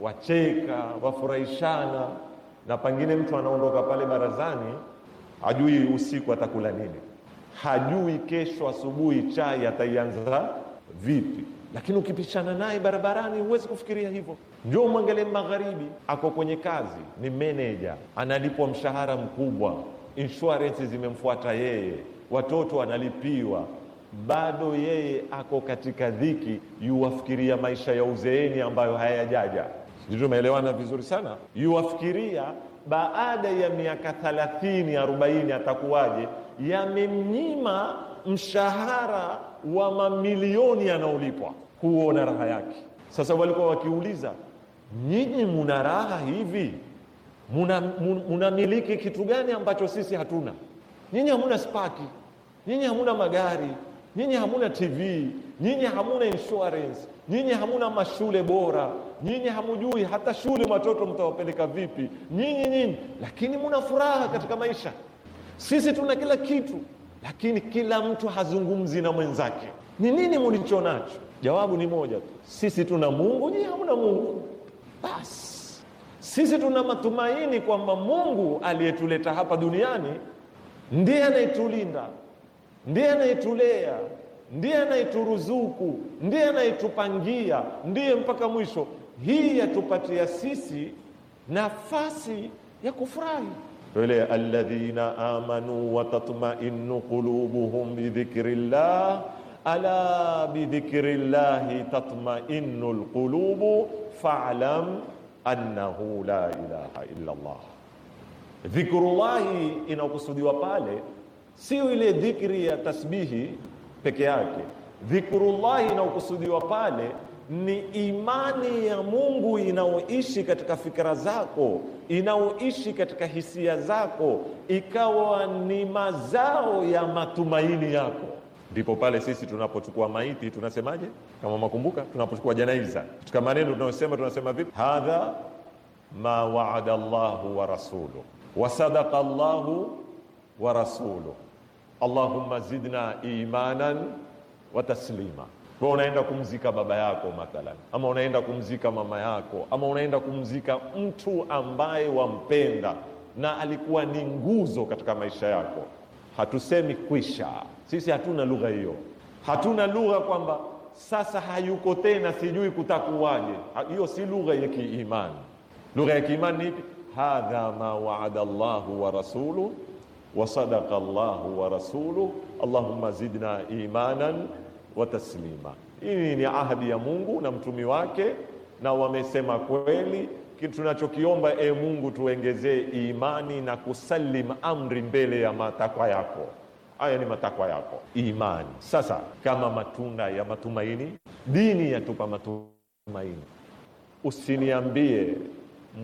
wacheka, wafurahishana, na pengine mtu anaondoka pale barazani, hajui usiku atakula nini, hajui kesho asubuhi chai ataianza vipi lakini ukipishana naye barabarani huwezi kufikiria hivyo. njo mwangalie magharibi, ako kwenye kazi, ni meneja, analipwa mshahara mkubwa, insurance zimemfuata yeye, watoto analipiwa bado yeye ako katika dhiki, yuwafikiria maisha ya uzeeni ambayo hayajaja. Sijui tumeelewana vizuri sana. Yuwafikiria baada ya miaka thalathini arobaini atakuwaje? Yamemnyima mshahara wa mamilioni yanaolipwa kuona raha yake. Sasa walikuwa wakiuliza, nyinyi muna raha hivi? Munamiliki muna kitu gani ambacho sisi hatuna? Nyinyi hamuna spaki, nyinyi hamuna magari Nyinyi hamuna TV, nyinyi hamuna insurance, nyinyi hamuna mashule bora, nyinyi hamujui hata shule watoto mtawapeleka vipi, nyinyi nyinyi, lakini muna furaha katika maisha. Sisi tuna kila kitu, lakini kila mtu hazungumzi na mwenzake. Ni nini mulicho nacho? Jawabu ni moja tu, sisi tuna Mungu, nyinyi hamuna Mungu. Basi sisi tuna matumaini kwamba Mungu aliyetuleta hapa duniani ndiye anayetulinda ndiye anayetulea, ndiye anayeturuzuku, ndiye anayetupangia, ndiye mpaka mwisho. Hii yatupatia sisi nafasi ya kufurahi ile alladhina amanu watatmainu qulubuhum bidhikrillah ala bidhikrillahi tatmainu lqulubu fa'lam annahu la ilaha illa llah. Dhikrullahi inaokusudiwa pale sio ile dhikri ya tasbihi peke yake. Dhikrullahi inaokusudiwa pale ni imani ya Mungu inaoishi katika fikra zako, inaoishi katika hisia zako, ikawa ni mazao ya matumaini yako. Ndipo pale sisi tunapochukua maiti tunasemaje? Kama makumbuka, tunapochukua janaiza, katika maneno tunayosema tunasema vipi? Hadha ma waada llahu wa rasulu wa sadaqa llahu wa rasuluh Allahumma zidna imanan wa taslima. Kwa unaenda kumzika baba yako mathalan, ama unaenda kumzika mama yako, ama unaenda kumzika mtu ambaye wampenda na alikuwa ni nguzo katika maisha yako. Hatusemi kwisha, sisi hatuna lugha hiyo, hatuna lugha kwamba sasa hayuko tena, sijui kutakuwaje. Hiyo si lugha ya kiimani. Lugha ya kiimani ni ipi? Hadha ma waada Allahu wa rasuluhu wa sadaqa Allahu wa rasuluhu Allahumma zidna imanan wa taslima. Hii ni ahadi ya Mungu na mtumi wake, na wamesema kweli. Tunachokiomba e Mungu, tuengezee imani na kusalim amri mbele ya matakwa yako. Haya ni matakwa yako, imani sasa, kama matunda ya matumaini. Dini yatupa matumaini. Usiniambie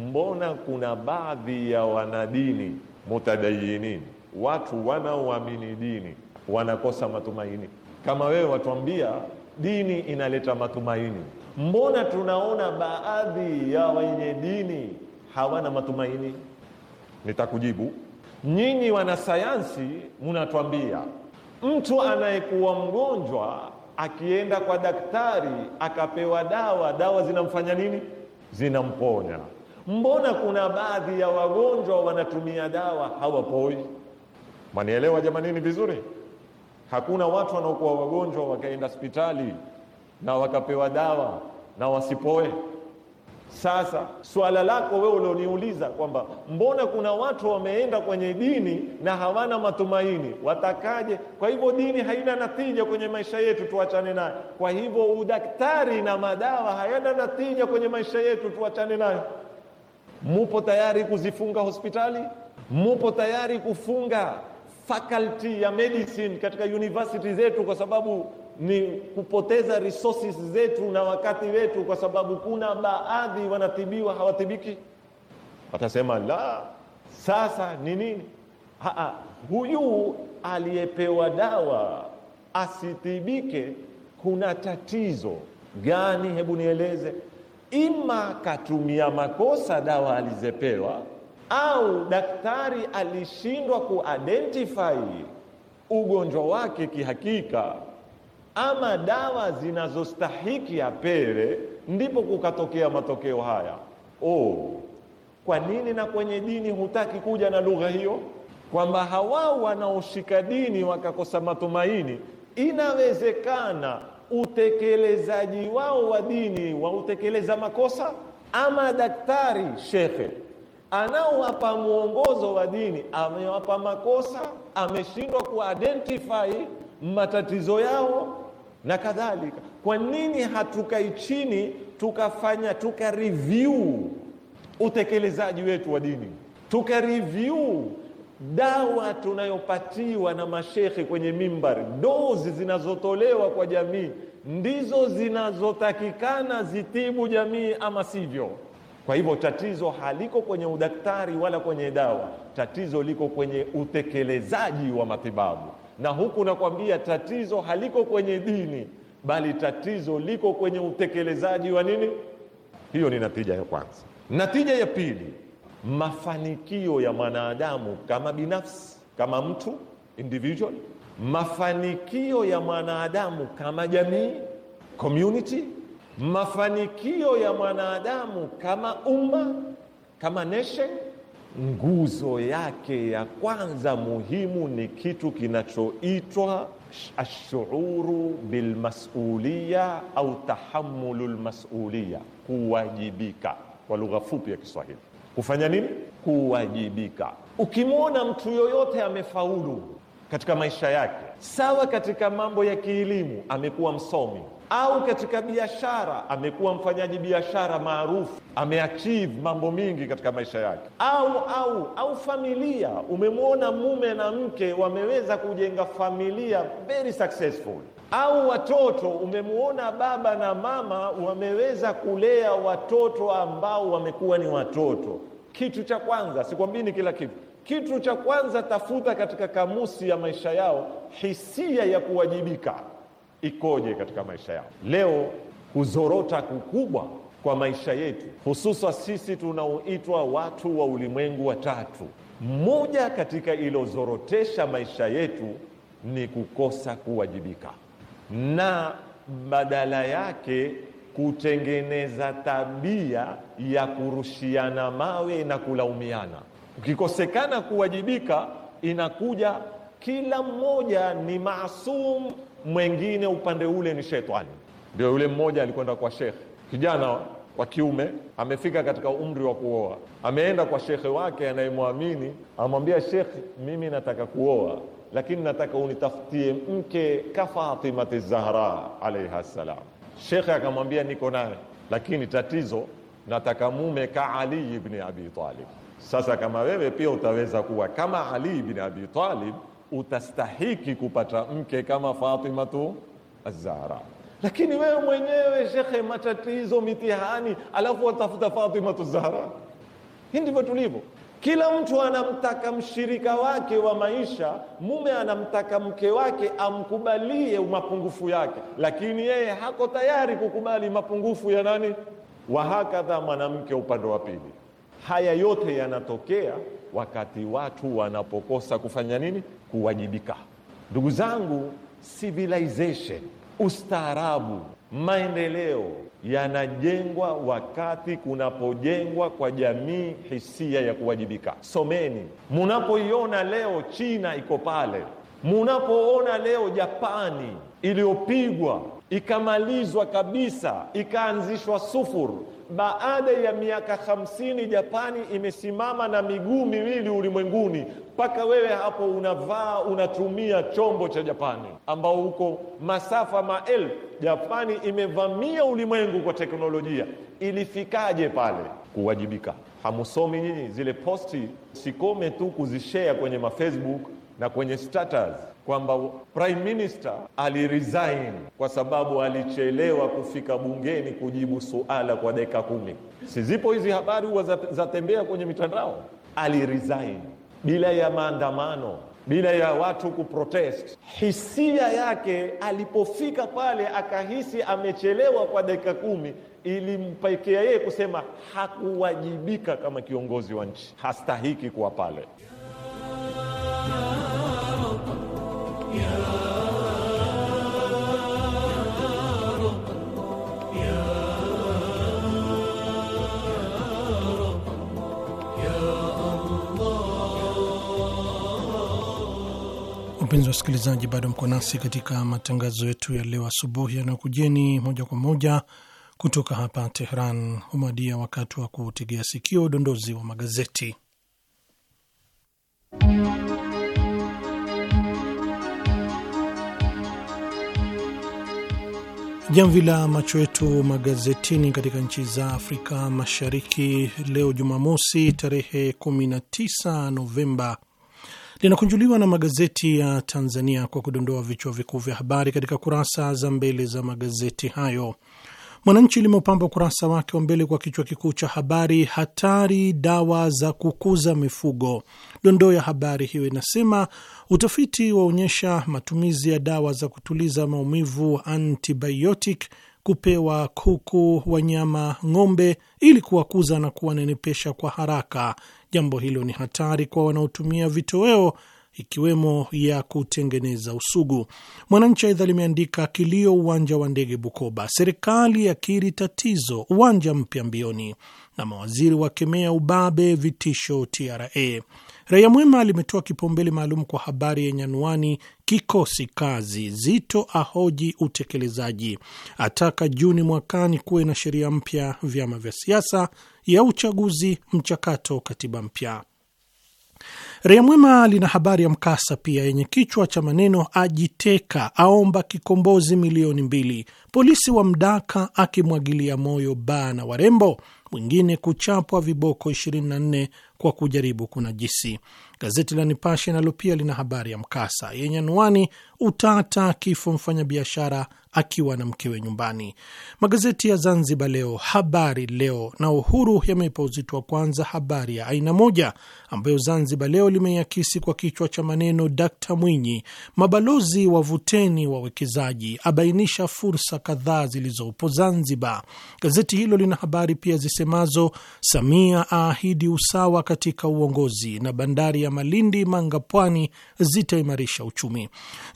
mbona kuna baadhi ya wanadini mutadayinin watu wanaoamini dini wanakosa matumaini. Kama wewe watuambia dini inaleta matumaini, mbona tunaona baadhi ya wenye dini hawana matumaini? Nitakujibu. Nyinyi wanasayansi munatwambia mtu anayekuwa mgonjwa akienda kwa daktari akapewa dawa, dawa zinamfanya nini? Zinamponya. Mbona kuna baadhi ya wagonjwa wanatumia dawa hawapoi? Mwanielewa jamanini vizuri? Hakuna watu wanaokuwa wagonjwa wakaenda hospitali na wakapewa dawa na wasipoe. Sasa swala lako wewe ulioniuliza kwamba mbona kuna watu wameenda kwenye dini na hawana matumaini, watakaje? Kwa hivyo dini haina natija kwenye maisha yetu, tuachane nayo. Kwa hivyo udaktari na madawa hayana natija kwenye maisha yetu, tuachane nayo. Mupo tayari kuzifunga hospitali? Mupo tayari kufunga faculty ya medicine katika university zetu, kwa sababu ni kupoteza resources zetu na wakati wetu, kwa sababu kuna baadhi wanatibiwa hawatibiki. Watasema la, sasa ni nini? Haa, huyu aliyepewa dawa asitibike, kuna tatizo gani? Hebu nieleze. Ima katumia makosa dawa alizepewa au daktari alishindwa kuidentify ugonjwa wake kihakika, ama dawa zinazostahiki apele ndipo kukatokea matokeo haya. Oh, kwa nini na kwenye dini hutaki kuja na lugha hiyo, kwamba hawao wanaoshika dini wakakosa matumaini? Inawezekana utekelezaji wao wa dini wautekeleza makosa, ama daktari shekhe anaowapa mwongozo wa dini amewapa makosa, ameshindwa kuidentify matatizo yao na kadhalika. Kwa nini hatukai chini tukafanya tuka review utekelezaji wetu wa dini, tuka review dawa tunayopatiwa na mashekhe kwenye mimbari, dozi zinazotolewa kwa jamii ndizo zinazotakikana zitibu jamii, ama sivyo? Kwa hivyo tatizo haliko kwenye udaktari wala kwenye dawa, tatizo liko kwenye utekelezaji wa matibabu. Na huku nakwambia tatizo haliko kwenye dini, bali tatizo liko kwenye utekelezaji wa nini? Hiyo ni natija ya kwanza. Natija ya pili, mafanikio ya mwanadamu kama binafsi, kama mtu individual, mafanikio ya mwanadamu kama jamii community mafanikio ya mwanadamu kama umma, kama nation, nguzo yake ya kwanza muhimu ni kitu kinachoitwa ashuuru bilmasuliya au tahamulu lmasuliya, kuwajibika kwa lugha fupi ya Kiswahili. Kufanya nini? Kuwajibika. Ukimwona mtu yoyote amefaulu katika maisha yake, sawa, katika mambo ya kielimu, amekuwa msomi au katika biashara, amekuwa mfanyaji biashara maarufu, ameachieve mambo mingi katika maisha yake, au au au familia, umemwona mume na mke wameweza kujenga familia very successful au watoto umemwona baba na mama wameweza kulea watoto ambao wamekuwa ni watoto. Kitu cha kwanza, sikwambii ni kila kitu, kitu cha kwanza tafuta katika kamusi ya maisha yao hisia ya kuwajibika ikoje katika maisha yao. Leo kuzorota kukubwa kwa maisha yetu, hususan sisi tunaoitwa watu wa ulimwengu wa tatu, mmoja katika ilozorotesha maisha yetu ni kukosa kuwajibika na badala yake kutengeneza tabia ya kurushiana mawe na kulaumiana. Ukikosekana kuwajibika, inakuja kila mmoja ni maasum mwengine upande ule ni shetani. Ndio yule mmoja alikwenda kwa shekhe, kijana wa kiume amefika katika umri wa kuoa, ameenda kwa shekhe wake anayemwamini, amwambia shekhe, mimi nataka kuoa lakini nataka unitafutie mke ka Fatimati Zahra alaiha ssalam Shekhe akamwambia niko naye, lakini tatizo nataka mume ka Ali ibn Abi Talib. Sasa kama wewe pia utaweza kuwa kama Ali ibn Abi Talib utastahiki kupata mke kama Fatimatu Azahra. Lakini wewe mwenyewe shekhe, matatizo, mitihani, alafu watafuta Fatimatu Zahra. Hii ndivyo tulivyo. Kila mtu anamtaka mshirika wake wa maisha, mume anamtaka mke wake amkubalie mapungufu yake, lakini yeye hako tayari kukubali mapungufu ya nani? Wahakadha mwanamke upande wa pili. Haya yote yanatokea wakati watu wanapokosa kufanya nini? kuwajibika. Ndugu zangu, civilization, ustaarabu, maendeleo yanajengwa wakati kunapojengwa kwa jamii hisia ya kuwajibika. Someni, munapoiona leo China iko pale, munapoona leo Japani iliyopigwa ikamalizwa kabisa, ikaanzishwa sufuru baada ya miaka hamsini Japani imesimama na miguu miwili ulimwenguni, mpaka wewe hapo unavaa unatumia chombo cha Japani, ambao huko masafa maelfu. Japani imevamia ulimwengu kwa teknolojia, ilifikaje pale? Kuwajibika. Hamusomi nyinyi zile posti, sikome tu kuzishea kwenye mafacebook na kwenye status kwamba prime minister aliresign kwa sababu alichelewa kufika bungeni kujibu suala kwa dakika kumi. Sizipo hizi habari huwa zatembea kwenye mitandao. Aliresign bila ya maandamano, bila ya watu kuprotest. Hisia yake alipofika pale, akahisi amechelewa kwa dakika kumi ilimpekea yeye kusema hakuwajibika kama kiongozi wa nchi, hastahiki kuwa pale. Wapenzi wa wasikilizaji, bado mko nasi katika matangazo yetu ya leo asubuhi yanayokujeni moja kwa moja kutoka hapa Tehran. humadia wakati wa kutegea sikio udondozi wa magazeti. Jamvi la macho yetu magazetini katika nchi za Afrika Mashariki leo Jumamosi tarehe 19 Novemba linakunjuliwa na magazeti ya Tanzania kwa kudondoa vichwa vikuu vya habari katika kurasa za mbele za magazeti hayo. Mwananchi limeupamba ukurasa wake wa mbele kwa kichwa kikuu cha habari, hatari dawa za kukuza mifugo. Dondoo ya habari hiyo inasema utafiti waonyesha matumizi ya dawa za kutuliza maumivu antibiotic kupewa kuku, wanyama, ng'ombe ili kuwakuza na kuwanenepesha kwa haraka Jambo hilo ni hatari kwa wanaotumia vitoweo ikiwemo ya kutengeneza usugu. Mwananchi aidha limeandika kilio uwanja wa ndege Bukoba, serikali yakiri tatizo, uwanja mpya mbioni, na mawaziri wakemea ubabe vitisho TRA. Raia Mwema limetoa kipaumbele maalum kwa habari yenye anwani kikosi kazi, Zito ahoji utekelezaji, ataka Juni mwakani kuwe na sheria mpya vyama vya siasa, ya uchaguzi, mchakato, katiba mpya. Raia Mwema lina habari ya mkasa pia yenye kichwa cha maneno ajiteka, aomba kikombozi milioni mbili, polisi wa mdaka akimwagilia moyo baa na warembo, mwingine kuchapwa viboko 24 kwa kujaribu kunajisi. Gazeti la Nipashe nalo pia lina habari ya mkasa yenye anwani utata, kifo mfanyabiashara akiwa na mkewe nyumbani. Magazeti ya Zanzibar Leo, Habari Leo na Uhuru yameipa uzito wa kwanza habari ya aina moja ambayo Zanzibar Leo limeiakisi kwa kichwa cha maneno, Dkt Mwinyi, mabalozi wavuteni wawekezaji, abainisha fursa kadhaa zilizopo Zanzibar. Gazeti hilo lina habari pia zisemazo, Samia aahidi usawa katika uongozi na bandari ya Malindi, mangapwani zitaimarisha uchumi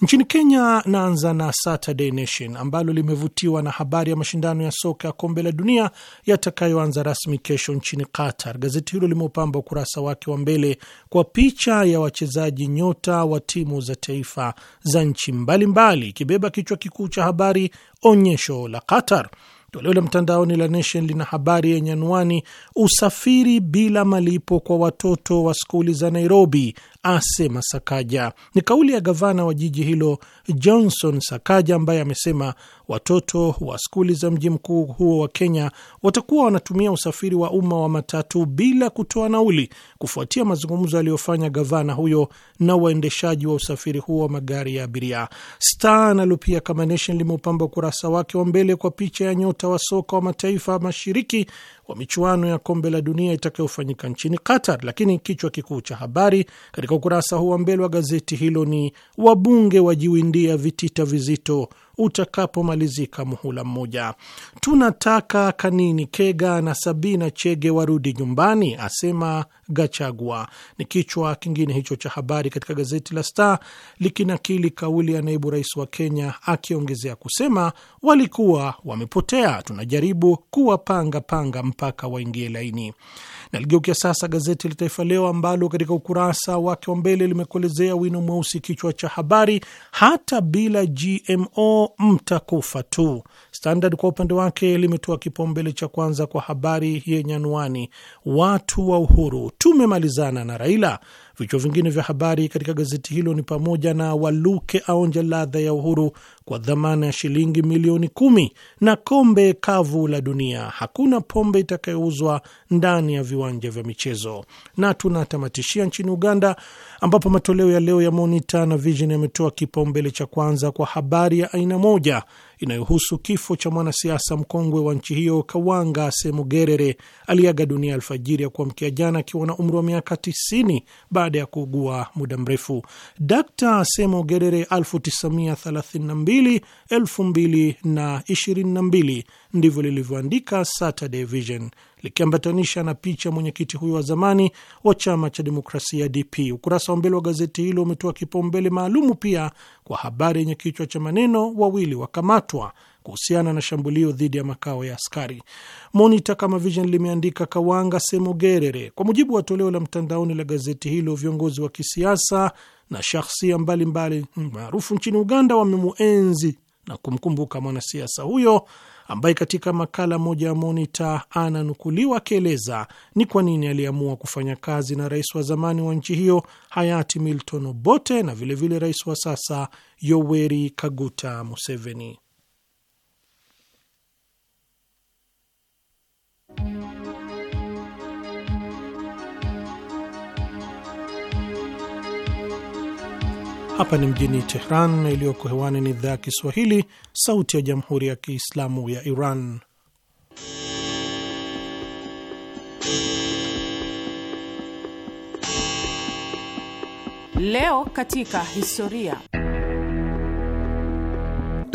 nchini Kenya. Naanza na Saturday Nation ambalo limevutiwa na habari ya mashindano ya soka ya kombe la dunia yatakayoanza rasmi kesho nchini Qatar. Gazeti hilo limeupamba ukurasa wake wa mbele kwa picha ya wachezaji nyota wa timu za taifa za nchi mbalimbali, ikibeba kichwa kikuu cha habari onyesho la Qatar. Toleo la mtandaoni la Nation lina habari yenye anwani usafiri bila malipo kwa watoto wa skuli za Nairobi asema Sakaja. Ni kauli ya gavana wa jiji hilo Johnson Sakaja, ambaye amesema watoto wa skuli za mji mkuu huo wa Kenya watakuwa wanatumia usafiri wa umma wa matatu bila kutoa nauli, kufuatia mazungumzo aliyofanya gavana huyo na waendeshaji wa usafiri huo wa magari ya abiria. Star nalo pia kama Nation limeupamba ukurasa wake wa mbele kwa picha ya nyota wa soka wa mataifa mashiriki wa michuano ya kombe la dunia itakayofanyika nchini Qatar. Lakini kichwa kikuu cha habari katika ukurasa huu wa mbele wa gazeti hilo ni wabunge wajiwindia vitita vizito utakapomalizika muhula mmoja. Tunataka Kanini Kega na Sabina Chege warudi nyumbani, asema Gachagua. Ni kichwa kingine hicho cha habari katika gazeti la Star, likinakili kauli ya naibu rais wa Kenya akiongezea kusema walikuwa wamepotea, tunajaribu kuwapanga panga mpaka waingie laini. Naligeukia sasa gazeti la Taifa Leo ambalo katika ukurasa wake wa mbele limekuelezea wino mweusi kichwa cha habari, hata bila GMO mtakufa tu. Standard kwa upande wake limetoa kipaumbele cha kwanza kwa habari yenye anwani watu wa Uhuru tumemalizana na Raila, Vichwa vingine vya habari katika gazeti hilo ni pamoja na Waluke aonja ladha ya uhuru kwa dhamana ya shilingi milioni kumi na kombe kavu la dunia, hakuna pombe itakayouzwa ndani ya viwanja vya michezo. Na tunatamatishia nchini Uganda, ambapo matoleo ya leo ya Monita na Vision yametoa kipaumbele cha kwanza kwa habari ya aina moja inayohusu kifo cha mwanasiasa mkongwe wa nchi hiyo Kawanga Semugerere aliyeaga dunia alfajiri ya kuamkia jana akiwa na umri wa miaka 90 baada ya kuugua muda mrefu. d semo 1932 2022 ndivyo lilivyoandika Saturday Vision likiambatanisha na picha mwenyekiti huyo wa zamani wa chama cha demokrasia DP. Ukurasa wa mbele wa gazeti hilo umetoa kipaumbele maalumu pia kwa habari yenye kichwa cha maneno wawili wakamatwa kuhusiana na shambulio dhidi ya makao ya askari. Monita kama Vision limeandika Kawanga Semogerere. Kwa mujibu wa toleo la mtandaoni la gazeti hilo, viongozi wa kisiasa na shahsia mbalimbali maarufu nchini Uganda wamemuenzi na kumkumbuka mwanasiasa huyo ambaye katika makala moja ya Monita ananukuliwa akieleza ni kwa nini aliamua kufanya kazi na rais wa zamani wa nchi hiyo hayati Milton Obote na vilevile rais wa sasa Yoweri Kaguta Museveni. Hapa ni mjini Tehran, iliyoko hewani ni idhaa ya Kiswahili, sauti ya jamhuri ya kiislamu ya Iran. Leo katika historia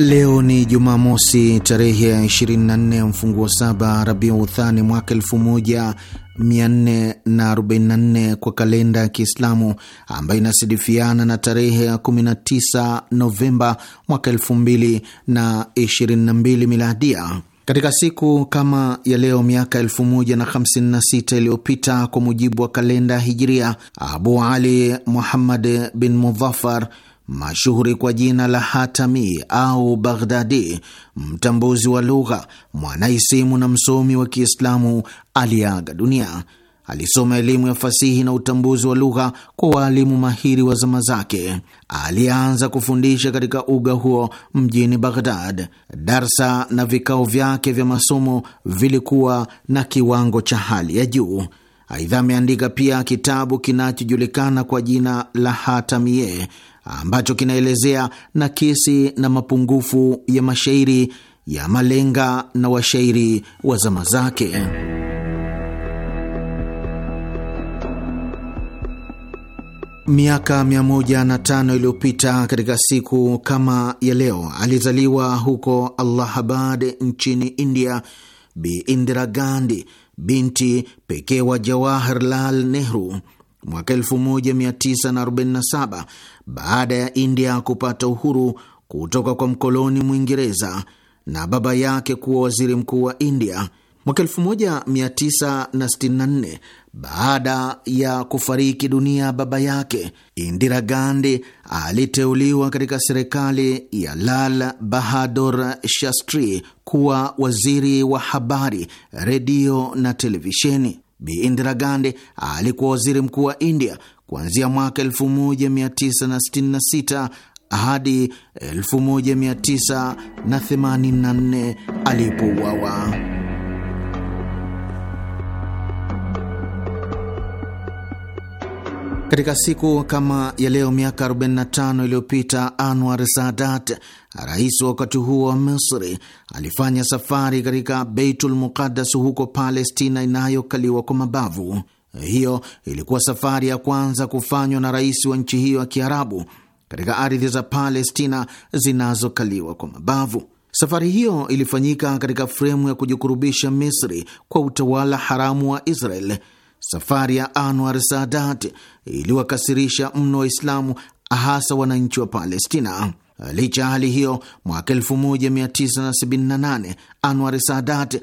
Leo ni Jumamosi tarehe ya 24 mfunguo saba Rabiu Uthani mwaka 1444 kwa kalenda ya Kiislamu, ambayo inasidifiana na tarehe ya 19 Novemba mwaka 2022 miladia. Katika siku kama ya leo miaka 1056 iliyopita kwa mujibu wa kalenda Hijiria, Abu Ali Muhammad bin Mudhafar mashuhuri kwa jina la Hatami au Baghdadi, mtambuzi wa lugha, mwanaisimu na msomi wa Kiislamu aliaga dunia. Alisoma elimu ya fasihi na utambuzi wa lugha kwa waalimu mahiri wa zama zake. Alianza kufundisha katika uga huo mjini Baghdad. Darsa na vikao vyake vya masomo vilikuwa na kiwango cha hali ya juu. Aidha, ameandika pia kitabu kinachojulikana kwa jina la Hatamie ambacho kinaelezea nakisi na mapungufu ya mashairi ya malenga na washairi wa zama zake. Miaka 105 iliyopita katika siku kama ya leo alizaliwa huko Allahabad nchini India Bi Indira Gandhi, binti pekee wa Jawaharlal Nehru. Mwaka 1947 baada ya India kupata uhuru kutoka kwa mkoloni Mwingereza na baba yake kuwa waziri mkuu wa India. Mwaka 1964 baada ya kufariki dunia baba yake, Indira Gandhi aliteuliwa katika serikali ya Lal Bahadur Shastri kuwa waziri wa habari, redio na televisheni. Bi Indira Gandhi alikuwa waziri mkuu wa India kuanzia mwaka 1966 hadi 1984 alipouawa. Katika siku kama ya leo miaka 45 iliyopita Anwar Sadat, rais wa wakati huo wa Misri, alifanya safari katika Beitul Muqaddas huko Palestina inayokaliwa kwa mabavu. Hiyo ilikuwa safari ya kwanza kufanywa na rais wa nchi hiyo ya Kiarabu katika ardhi za Palestina zinazokaliwa kwa mabavu. Safari hiyo ilifanyika katika fremu ya kujikurubisha Misri kwa utawala haramu wa Israel Safari ya Anwar Sadat iliwakasirisha mno Waislamu, hasa wananchi wa Palestina. Licha ya hali hiyo, mwaka 1978 Anwar Sadat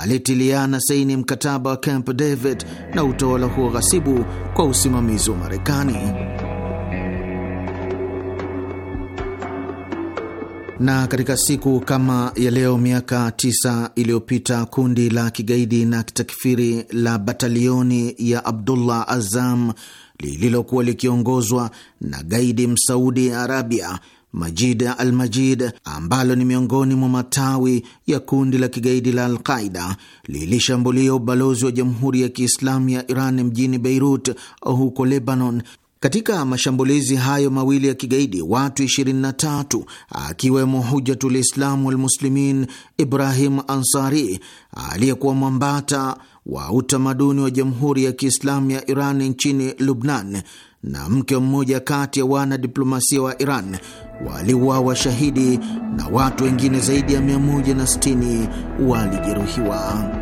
alitiliana saini mkataba wa Camp David na utawala huo ghasibu kwa usimamizi wa Marekani. Na katika siku kama ya leo miaka tisa iliyopita kundi la kigaidi na kitakfiri la batalioni ya Abdullah Azam lililokuwa likiongozwa na gaidi Msaudi Arabia Majid al Majid, ambalo ni miongoni mwa matawi ya kundi la kigaidi la Alqaida, lilishambulia ubalozi wa Jamhuri ya Kiislamu ya Iran mjini Beirut huko Lebanon katika mashambulizi hayo mawili ya kigaidi watu 23 akiwemo Hujatul Islamu Walmuslimin Ibrahim Ansari aliyekuwa mwambata wa utamaduni wa Jamhuri ya Kiislamu ya Iran nchini Lubnan na mke mmoja kati ya wanadiplomasia wa Iran waliuawa shahidi na watu wengine zaidi ya 160 walijeruhiwa.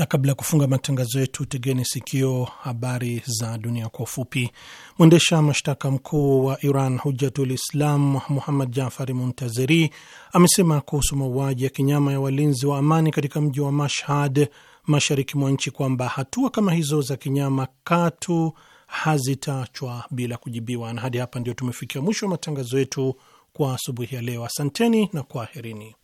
na kabla ya kufunga matangazo yetu, tegeni sikio habari za dunia kwa ufupi. Mwendesha mashtaka mkuu wa Iran Hujjatul Islam Muhammad Jafari Muntazeri amesema kuhusu mauaji ya kinyama ya walinzi wa amani katika mji wa Mashhad mashariki mwa nchi kwamba hatua kama hizo za kinyama katu hazitachwa bila kujibiwa. Na hadi hapa ndio tumefikia mwisho wa matangazo yetu kwa asubuhi ya leo. Asanteni na kwaherini.